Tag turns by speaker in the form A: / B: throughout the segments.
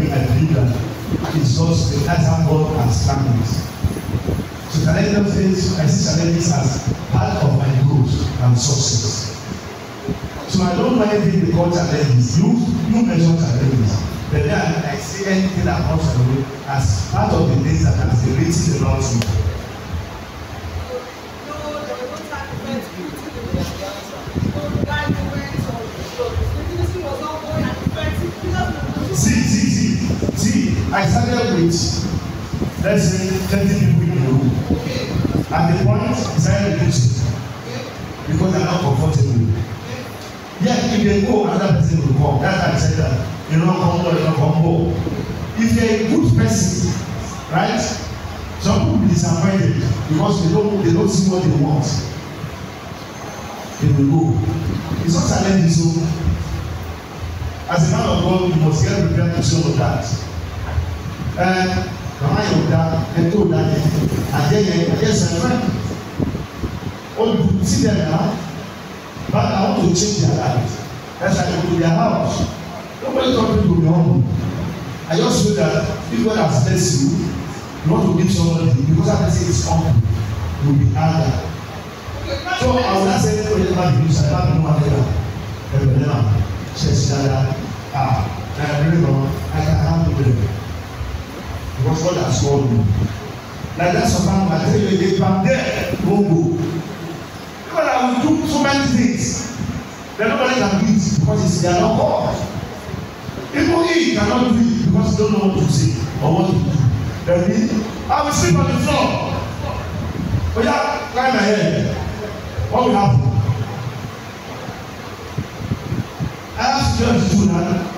A: be a leader is just that's how God has planned it. So challenges face I see challenges as part of my growth and success. So I don't mind being the God challenges. You you measure challenges. But then I, see anything that comes my way as part of the things that has been written around me. I started with, let's say, 30 people in the room. At the point, I started reducing because I'm not comfortable. Yet, if they go, another person will come. That's why I said that. You don't come, you don't come more. If you're a good person, right? Some people will be disappointed because they don't, they don't see what they want. They will go. It's not a challenging, so as a man of God, you must get prepared to solve that ẹ bàbá yóò da ẹtọ́ da yẹ àjẹ yẹ àjẹ sẹfẹ olùdó ti dẹ̀ nà bàtà ó tó tse dìá la ẹsẹ̀ àjẹkù dìá la wà lọ́wọ́lẹ́ tó ọdún tó nà ọ́n I just feel that people that bless you you want to give someone the because that person it's humble you be harder so I will not say anybody ever be use I don't know how to do that ẹ bẹ̀rẹ̀ náà ṣe ah na ẹ bẹ̀rẹ̀ náà nkurɔfoɔ de asoɔ no na that's why my material dey back there no go because i will do so many things that nobody can do it because it's their no call even he cannot do it because he don't know what to say or what to do then he i will sleep on the floor oya oh, climb my head what will happen i ask you to do that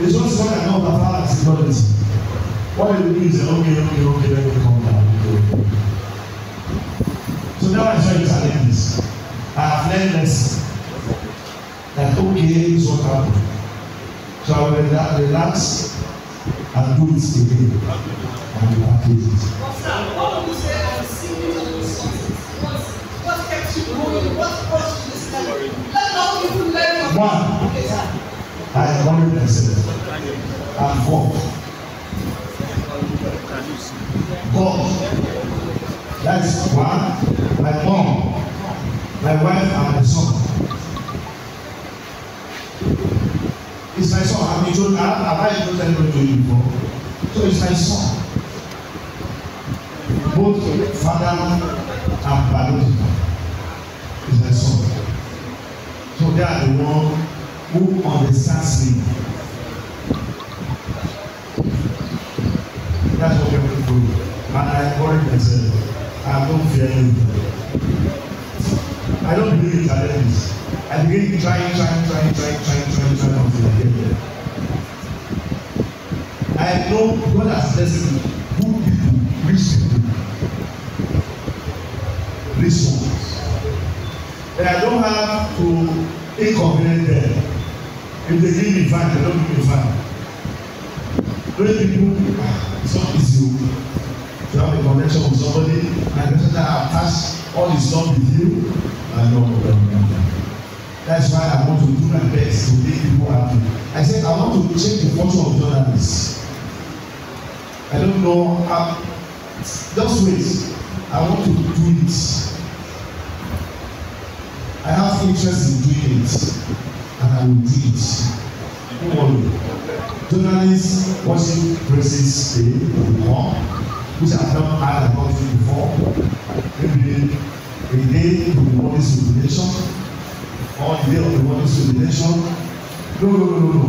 A: it's just one and all about our security. What it means is okay, okay, okay, let me come down. So now I saw it like this. I have learned this that okay is what happened. So I will relax, and do it again and you have to do it. What would you say on What kept you going? What brought you this level? Let all people learn One, I am 100%. God. That's why my mom, my wife, and my son. It's my son. have been told, have I told anybody to you before? So it's my son. Both father and biological is my son. So they are the one who understands me. challenge. I don't believe in challenges. I begin trying, trying, trying, trying, trying, trying, trying until I get there. I know God has blessed me. Good people, rich people, resources. And I don't have to inconvenience them. If they give me fine, they don't give me fine. Those people, ah, it's not easy. Oh. You have a connection with somebody that are attached, all the stuff with you, and Lord will remember. That's why I want to do my best to make people happy. I said I want to change the culture of journalists. I don't know how. Just wait. I want to do it. I have interest in doing it, and I will do it. Don't worry. Journalists watching praises day, they which have not had a opportunity before maybe a day to the morning simulation or a day of the morning simulation no no no no no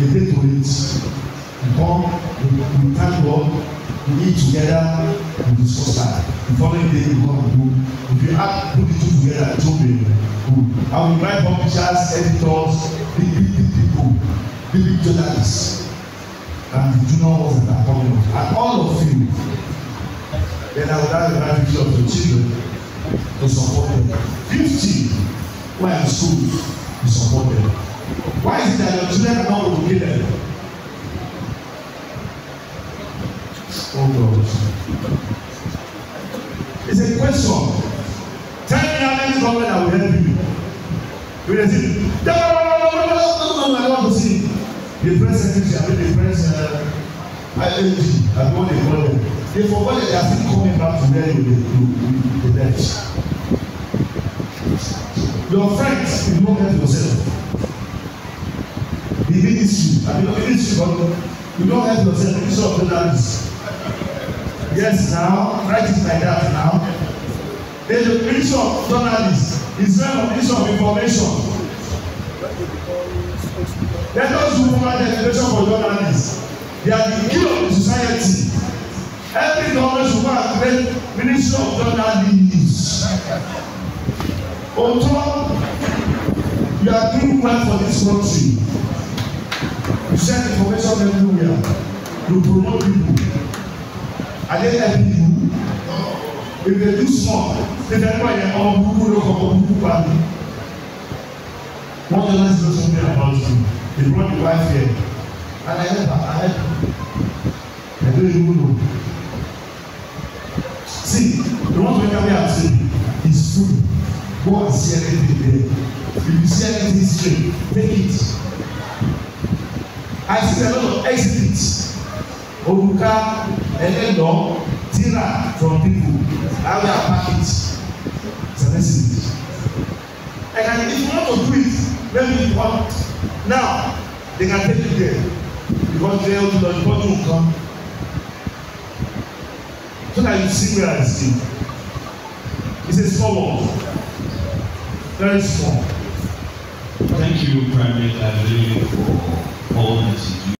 A: a day to it we come we we thank God we eat together we discuss that the following day we come do if you add put the two together it don be good and we invite publishers editors big big big people big big journalists and you do not want an appointment and all of you then I would have the right to of your children to support them fifty were in school to support them why is it that your children are not obey them oh God it's a question tell me how many government I will help you you dey say no no no no no the press secretary abi the press uh, ing abi what they call them they forget that they are still coming back to where you dey you you dey your friends you no help yourself the ministry abi the ministry for you you no get yourself you sort of journalist yes now write it like that now there's a piece of journalist is a piece of information. Let us do the generation for journalists. They are the key of the society. Every government should go a create ministry of journalists. Oto, you are doing well for this country. You send information everywhere. to promote people. Are they helping you? If they do small, they don't know their own people, or up on What does this do something about him. He brought the wife here. And I help her, I help her. I don't even know. See, the one wey carry am say is true. Go and see everything there. If you see anything strange, take it. I see a lot of exits. Oruka, Ẹlẹ́dọ̀, Tira from people. How they are packaged. important now they can take you there because they will lọ to come. so that you see where I see it's a small world very small. Thank you, Prime Minister, for all this you